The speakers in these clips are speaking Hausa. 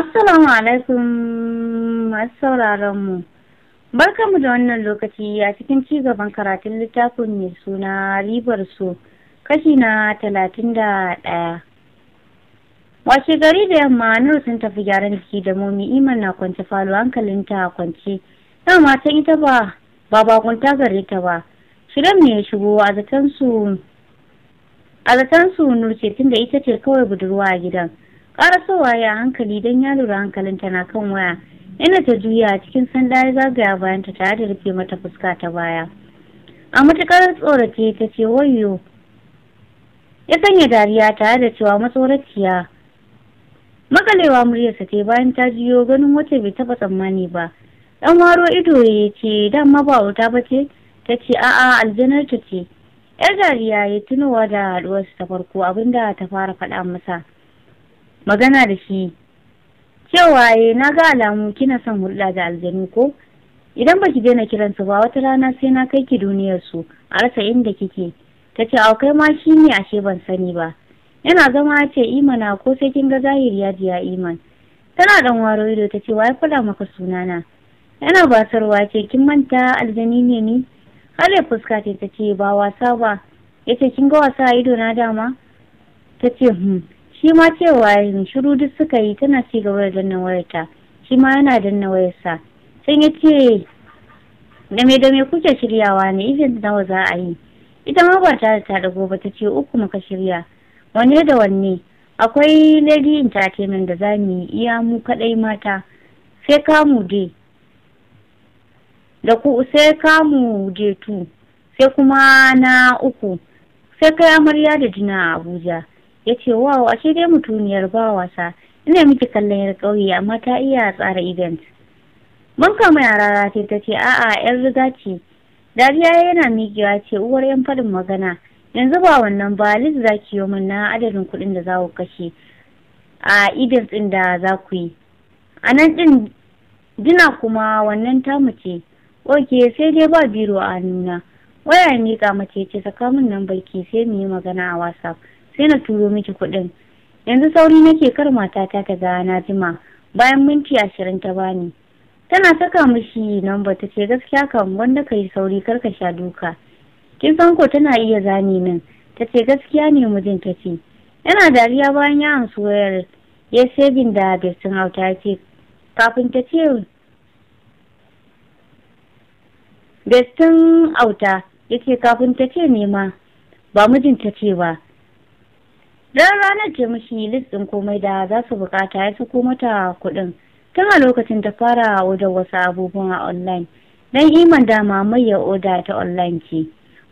Assalamu alaikum masu sauraron mu. da wannan lokaci a cikin ci karatun littafin mai suna ribar su kashi na talatin da ɗaya. Washe gari da yamma Nur sun tafi gyaran jiki da momi iman na kwance falo hankalinta kwance. Dama mata ita ba ba bakunta gare ta ba. Shirin ne ya shigo a zaton su Nur ce tunda ita ce kawai budurwa a gidan. ƙarasowa ya hankali don ya lura hankalin tana kan waya inda ta juya a cikin sanda ya zagaya bayan ta tare da rufe mata fuska ta baya a matukar tsorace ta ce wayo ya sanya dariya tare da cewa matsoraciya makalewa muryarsa ce bayan ta jiyo ganin wata bai taɓa tsammani ba dan waro ido ya ce dama ba wuta ba ce ta ce a'a aljanar ta ce yar dariya ya tunowa da haɗuwarsu ta farko abinda ta fara faɗa masa magana da shi cewa ya eh, na ga alamu kina son hulɗa da aljanu ko idan ba ki daina kiransu ba wata rana sai na kai ki duniyar su a rasa inda kike ta ce au kai ma shi ne ashe ban sani ba yana zama ya ce imana ko sai kin ga zahiri ya jiya iman tana dan waro ido ta ce wai fada maka sunana yana basarwa ce kin manta aljani ne ni har ya fuska ce ta ce ba wasa ba ya ce kin ga wasa a ido na dama ta ce hmm shi ma cewa yin shiru duk suka yi tana ci gaba da danna wayarta shi ma yana danna wayarsa sun ya ce dame dame kuke shiryawa ne event nawa za a yi ita ma ba ta ta dago ba ta ce uku muka shirya wanne da wanne akwai lady entertainment da za mu yi iya mu kadai mata sai kamu dai da ku sai kamu je tu sai kuma na uku sai kai amarya da jina a abuja ya ce wow ashe dai mutuniyar ba wasa ina miki kallon yar ƙauye amma ta iya tsara event mun kama yara ce ta ce a'a 'yar riga ce dariya yana miƙewa ce uwar yan faɗin magana yanzu ba wannan ba liz za ki yi min na adadin kuɗin da za ku kashe a event ɗin da za ku yi a nan ɗin dina kuma wannan tamu ce oke sai dai ba biro a nuna waya mika mace ce saka min nan barki sai mu yi magana a whatsapp sai na turo miki kuɗin yanzu sauri nake kar matata ta ga na jima bayan minti ashirin ta bani tana saka mishi namba ta ce gaskiya kan wanda ka yi sauri kar ka sha duka kin san ko tana iya zane min ta ce gaskiya ne mijin ta ce yana dariya bayan ya amsu wayar ya sebin da bestin auta ya ce kafin ta ce bestin auta ya ce kafin ta ce nema ba mijin ta ce ba Dan ranar ce mashi listin komai da za su bukata ya sako mata kuɗin. Tun a lokacin ta fara wajen wasu abubuwan a online. Dan iman da ya oda ta online ce.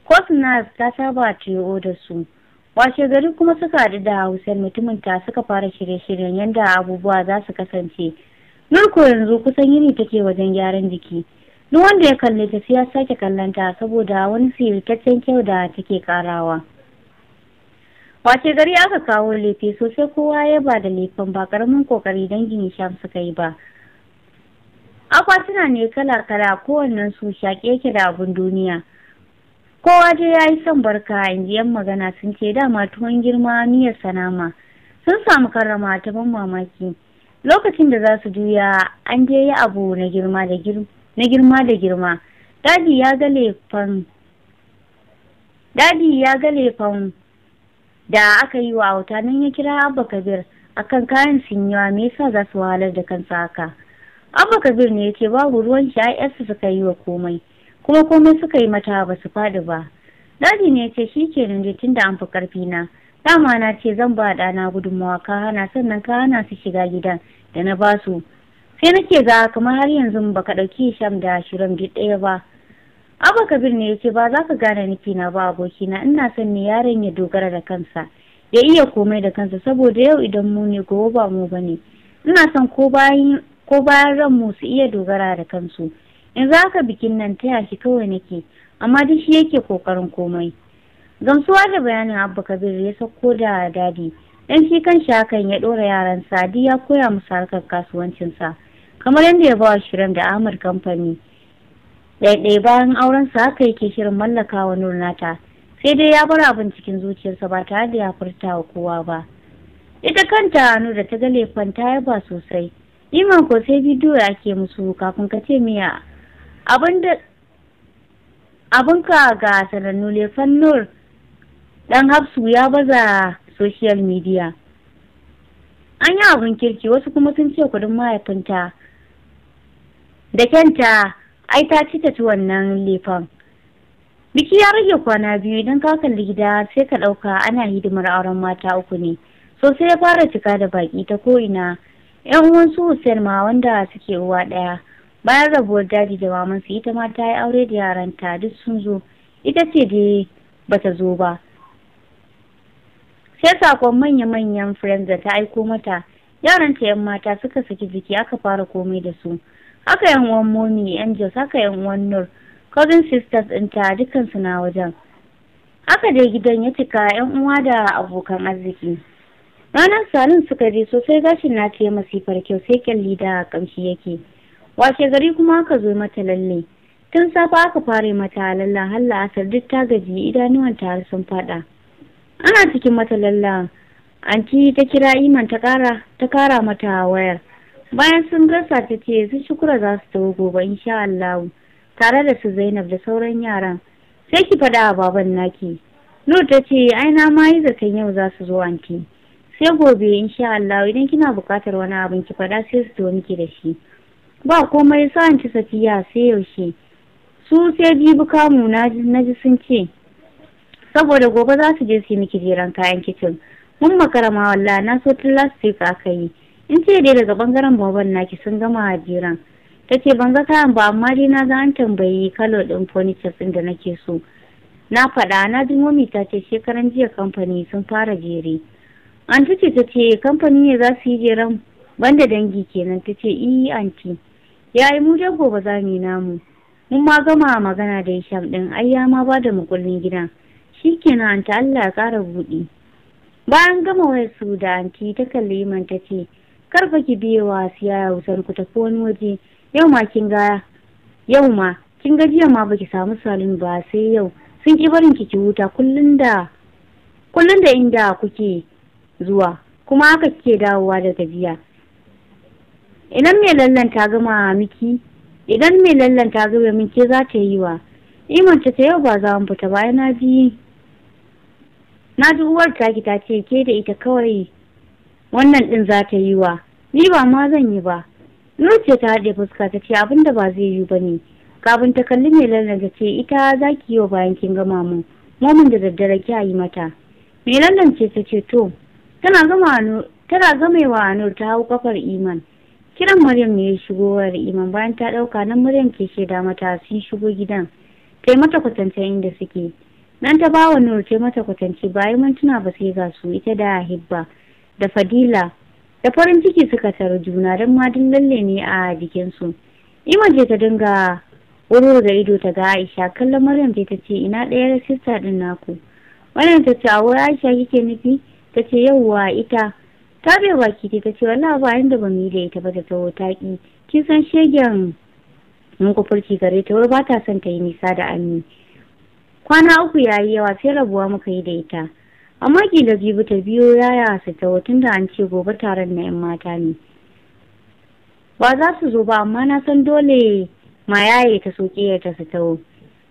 Cosnas ta saba ce oda su. Washe gari kuma suka haɗu da hausan mutumin ta suka fara shirye-shiryen yadda abubuwa za su kasance. Nurko yanzu kusan yini take wajen gyaran jiki. Duk wanda ya kalle ta sai ya sake kallon saboda wani sirritaccen kyau da take karawa. wace gari aka kawo lefe sosai kowa ya ba da lefen ba karamin kokari dangin sham suka yi ba akwatuna ne kala kala kowannen su shaƙe yake da abin duniya kowa je ya yi son barka yan magana sun ce dama tuwon girma miyar sanama sun samu karrama ta ban mamaki lokacin da za su juya an je yi abu na girma da girma dadi ya ga laifin. da aka yi wa auta nan ya kira abba kabir akan kayan sinyawa me yasa za su wahalar da kansa haka abba kabir ne ya ce babu ruwan shi ai yarsa suka yi wa komai kuma komai suka yi mata ba su faɗi ba dadi ne ya ce shi ke nan tun da an fi karfi na dama na ce zan ba ɗana gudunmawa ka hana sannan ka hana su shiga gidan da na basu sai nake ga kamar har yanzu ba ka ɗauki sham da shirin duk ɗaya ba abba kabir ne yake ba za ka gane niki na ba abokina ina son ne yaron ya dogara da kansa ya iya komai da kansa saboda yau idan mu ne gobe ba mu bane ina son ko bayan ko bayan ran mu su iya dogara da kansu in za ka bikin nan taya shi kawai nake amma duk shi yake kokarin komai gamsuwa da bayanin abba kabir ya sauko da dadi dan shi kan shi hakan ya dora yaran sadi ya koya musu harkar kasuwancinsa kamar yadda ya ba wa shirin da ahmad kamfani ɗaiɗai bayan auren sa haka yake shirin mallaka wa nata sai dai ya bar abin cikin zuciyarsa ba tare da ya furta wa kowa ba ita kanta nu da ta ga laifin ta yaba sosai iman ko sai bidiyo ake musu kafin ka ce miya abin da abin ka ga sanannu laifin nur dan hafsu ya baza social media an yi abin kirki wasu kuma sun ce kudin mahaifinta da kyanta ai ta ci ta ci wannan lefan biki ya rage kwana biyu idan ka kalli gida sai ka ɗauka ana hidimar auren mata uku ne sosai ya fara cika da baƙi ta ko'ina yan uwan su Hussein ma wanda suke uwa ɗaya bayan rabuwar daji da mamansu ita ma ta yi aure da yaranta duk sun zo ita ce dai bata zo ba sai sakon manya-manyan friends da ta aiko mata Yaran ta yan mata suka saki jiki aka fara komai da su haka yan uwan momi angels haka yan uwan nur cousin sisters ɗinta dukansu na wajen haka dai gidan ya cika yan uwa da abokan arziki ranar salon suka je sosai gashin na ce masifar kyau sai kyalli da kamshi yake washe gari kuma aka zo mata lalle tun safe aka fara mata lalla har asar duk ta gaji idanuwan ta sun faɗa. ana cikin mata lalla anti ta kira iman ta kara ta kara mata wayar bayan sun gasa ta ce yanzu shukura za su tawo gobe insha Allah tare da su Zainab da sauran yaran sai ki faɗa a baban naki Nur ta ce ai ma yi zaton yau za su zo anti sai gobe insha Allah idan kina buƙatar wani abin ki faɗa sai su zo miki da shi ba komai sa ci Safiya sai yaushe su sai jibi kamu na ji sun ce saboda gobe za su je su yi miki jeran kayan kicin mun makarama wallahi na so tun last week aka yi in ce dai daga bangaren baban naki sun gama hajiran ta ce ban ga kayan ba amma dai na ga an tambayi kalo ɗin furniture ɗin da nake so na faɗa na ji momi ta ce shekaran jiya kamfani sun fara jere an ce ta ce kamfani ne za su yi jeren banda dangi kenan ta ce iya anti ya yi mu jago ba za mu yi namu mun ma gama magana da Hisham din ai ya ma ba da mukullin gidan kenan anta Allah ya ƙara buɗi bayan gama wayar su da anti ta kalli man ta ce kar ki biye wa siya hausar ku tafi wani waje yau ma kin ga yau ma kin ga jiya ma baki samu salon ba sai yau sun ki barin ki ki huta kullun da kullun da inda kuke zuwa kuma haka kike dawowa daga tafiya idan mai lallan ta gama miki idan mai lallan ta gama min ke za ta yi wa imanta ta yau ba za mu fita ba na ji na ji uwar taki ta ce ke da ita kawai wannan din za ta yi wa ni ba ma zan yi ba Nur ce ta haɗe fuska ta ce abin da ba zai yi ba ne kafin ta kalli mai lallan ce ita za ki yi wa bayan kin gama mu momin da daddare ki a yi mata mai lallan ce ta ce to tana gama tana gamewa Nur ta hau kafar Iman kiran Maryam ne ya shigo wayar Iman bayan ta ɗauka nan Maryam ke shaida mata sun shigo gidan kai mata kwatance inda suke nan ta bawa Nur ce mata kwatance bayan mintuna ba sai ga su ita da Hibba da fadila da farin ciki suka tare juna don madin lalle ne a jikinsu iman ce ta dinga wuri da ido ta ga aisha kallon maryam ce ta ce ina ɗaya sista ɗin naku maryam ta ce a aisha kike nufi ta ce yauwa ita ta bai baki ce ta ce wallahi ba inda ba mu yi da ita ba ta taho ta ki kin san shegen mun kufurci gare ta wai ba ta son ta yi nisa da ami kwana uku ya yi yawa sai rabuwa muka yi da ita amma kila biyu ta biyo yaya asattawa tun da an ce gobe taron na 'yan mata ne ba za su zo ba amma na san dole ma yaye ta soke ya ta satawo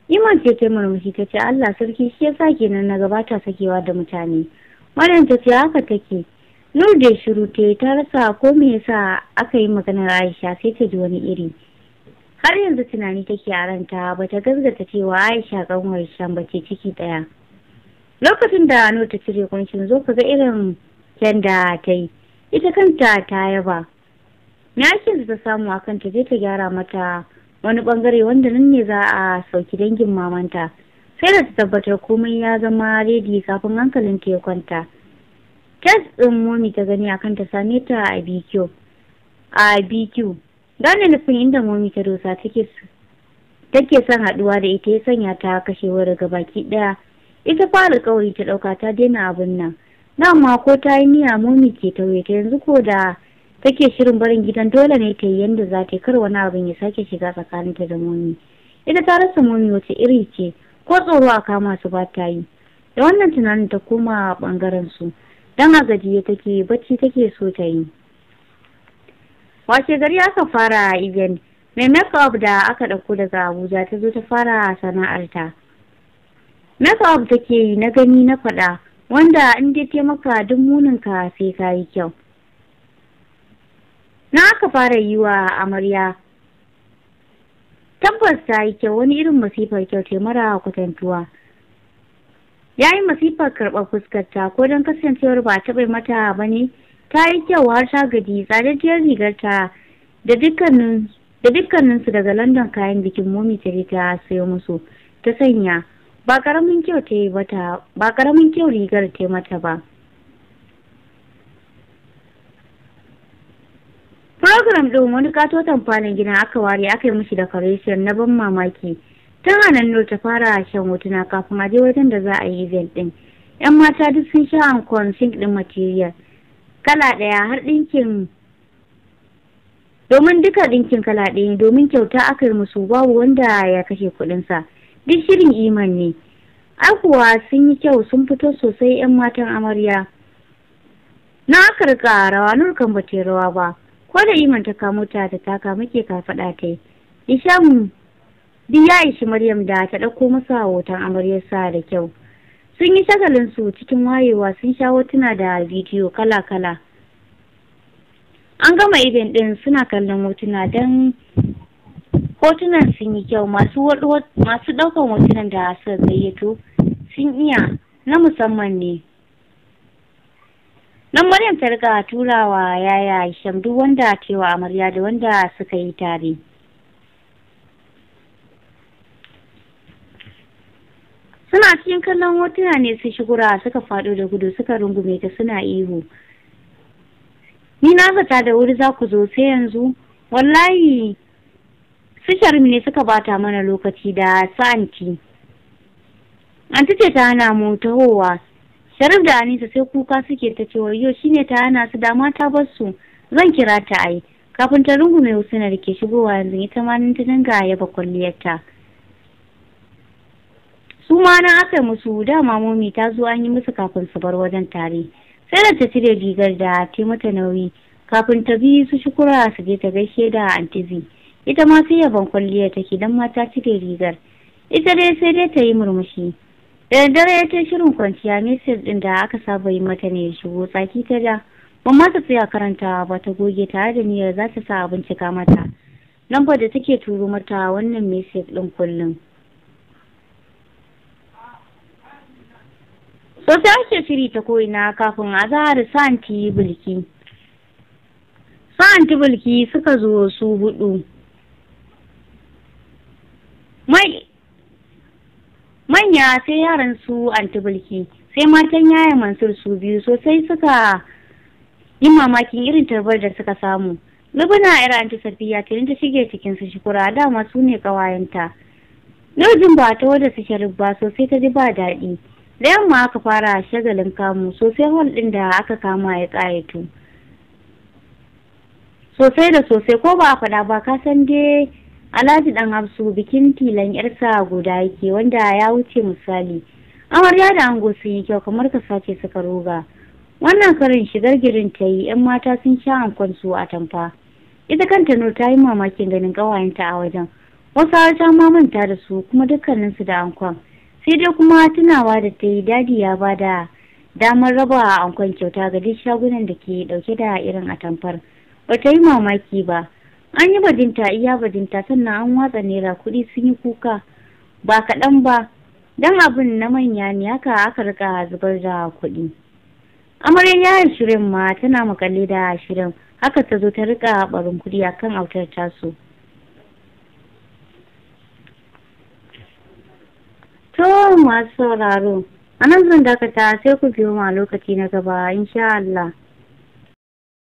iman ce ta murmushi ta ce allah sarki shi ya sake kenan na gabata sakewa da mutane maryam ta ce haka take nur da shiru ta yi ta rasa ko me yasa aka yi maganar aisha sai ta ji wani iri har yanzu tunani take a ranta ba ta cewa aisha kanwar shan ce ciki ɗaya. lokacin da nur ta cire kunshin zo ka ga irin yadda ta yi ita kanta ta yaba na da ta samu a kanta zai ta gyara mata wani bangare wanda nan ne za a sauki dangin mamanta sai da ta tabbatar komai ya zama redi kafin hankalin ta ya kwanta tas ɗin momi ta gani akan ta same ta a bq a bq gane nufin inda momi ta dosa take son haɗuwa da ita ya sanya ta kashewa daga baki ɗaya ita fa alƙawari ta dauka ta daina abin nan dama ko ta yi niyya momi ke tauye ta yanzu ko da take shirin barin gidan dole ne ta yi yanda za ta kar wani abin ya sake shiga tsakanin ta da momi ita ta rasa momi wace iri ce ko tsoro a kama su ba ta yi da wannan tunanin ta koma bangaren su dan a gajiye take bacci take so ta yi washe gari aka fara event mai make up da aka ɗauko daga abuja ta zo ta fara sana'arta Makeup da take yi na gani na faɗa wanda in dai taimaka maka duk muninka sai ka yi kyau. Na aka fara yi wa amarya tabbas ta yi kyau wani irin masifar kyau ce mara kwatantuwa. Ya yi masifar karɓar fuskarta ko don kasancewar ba taɓa mata ba ne ta yi kyau har sha gadi tsadajiyar rigarta da dukkaninsu daga London kayan bikin momi ta ta sayo musu ta sanya. ba karamin kyau ta yi mata ba karamin kyau rigar ta mata ba program ɗin wani katoton tamfanin gina aka ware aka yi mishi da faresiyar na ban mamaki ta hannun ta fara shan hotuna kafin a je wajen da za a yi event ɗin yan mata duk sun sha ankon sink ɗin material kala ɗaya har ɗinkin domin duka ɗinkin kala ɗaya domin kyauta aka yi musu babu wanda ya kashe kuɗinsa duk shirin iman ne akuwa sun yi kyau sun fito sosai 'yan matan amarya na karka rawa nur kan ba ta rawa ba ko da iman ta kamo ta ta taka muke ka faɗa ta yi duk ya ishi maryam da ta ɗauko masa hoton amaryar sa da kyau sun yi shagalin su cikin wayewa sun sha hotuna da bidiyo kala-kala an gama ibin ɗin suna kallon hotuna don hotunan sun yi kyau masu ɗaukar hotunan da suka gayyato sun iya na musamman ne nan maryam ta riga turawa yaya hisham duk wanda cewa amarya da wanda suka yi tare suna cikin kallon hotuna ne su shigura suka faɗo da gudu suka rungume ta suna ihu ni na zata da wuri za ku zo sai yanzu wallahi su mu ne suka bata mana lokaci da santi anti ce ta hana mu tahowa sharif da anisa sai kuka suke ta cewa yau shine ta hana su da mata bar zan kira ta ai kafin ta mai husna da ke shigowa yanzu ita ma ta dinga yaba kwalliyarta su ma na aka musu dama momi ta zo an yi musu kafin su bar wajen tare sai da ta cire rigar da ta mata nauyi kafin ta bi su shukura su je ta gaishe da antizi ita ma sai yaban kwalliya take don mata cire rigar ita dai sai dai ta yi murmushi da dare ta shirin kwanciya mesir din da aka saba yi mata ne shigo tsaki ta da ba ma ta tsaya karantawa ba ta goge tare da niyyar za ta sa a bincika mata lambar da take turo mata wannan mesir din kullum sosai ake shiri ta ko'ina kafin a za zahar sa'anti bulki sa'anti bulki suka zo su hudu manya sai yaran su antibulki sai matan yaya mansur su biyu sosai suka yi mamakin irin tarbar da suka samu lubuna yar antisafiya safiya ta ta shige cikin su shukura dama su ne kawayenta yau ba ta wadda su ba sosai ta ji ba daɗi da yamma aka fara shagalin kamu sosai hol ɗin da aka kama ya ƙayatu sosai da sosai ko ba a faɗa ba ka san dai Alhaji dan Hafsu bikin tilan yarsa guda yake wanda ya wuce misali. Amarya da ango sun yi kyau kamar ka sace suka roga. Wannan karin shigar girin ta yi 'yan mata sun sha ankon su a tamfa. Ita kanta Nur ta yi mamakin ganin ƙawayenta a wajen. Wasu har ta ma manta da su kuma dukkaninsu da ankon. Sai dai kuma tunawa da ta yi dadi ya ba da damar raba ankon kyauta ga duk shagunan da ke dauke da irin atamfar. Ba ta yi mamaki ba. an yi bajinta iya badinta, sannan an watsa naira kuɗi sun yi kuka ba kaɗan ba don abin na manya ne haka aka rika zubar da kuɗi amaryar yayin shirin ma tana makalle da shirin haka ta zo ta rika barin kuɗi akan autar tasu to masu sauraro a nan zan dakata sai ku biyo ma lokaci na gaba insha Allah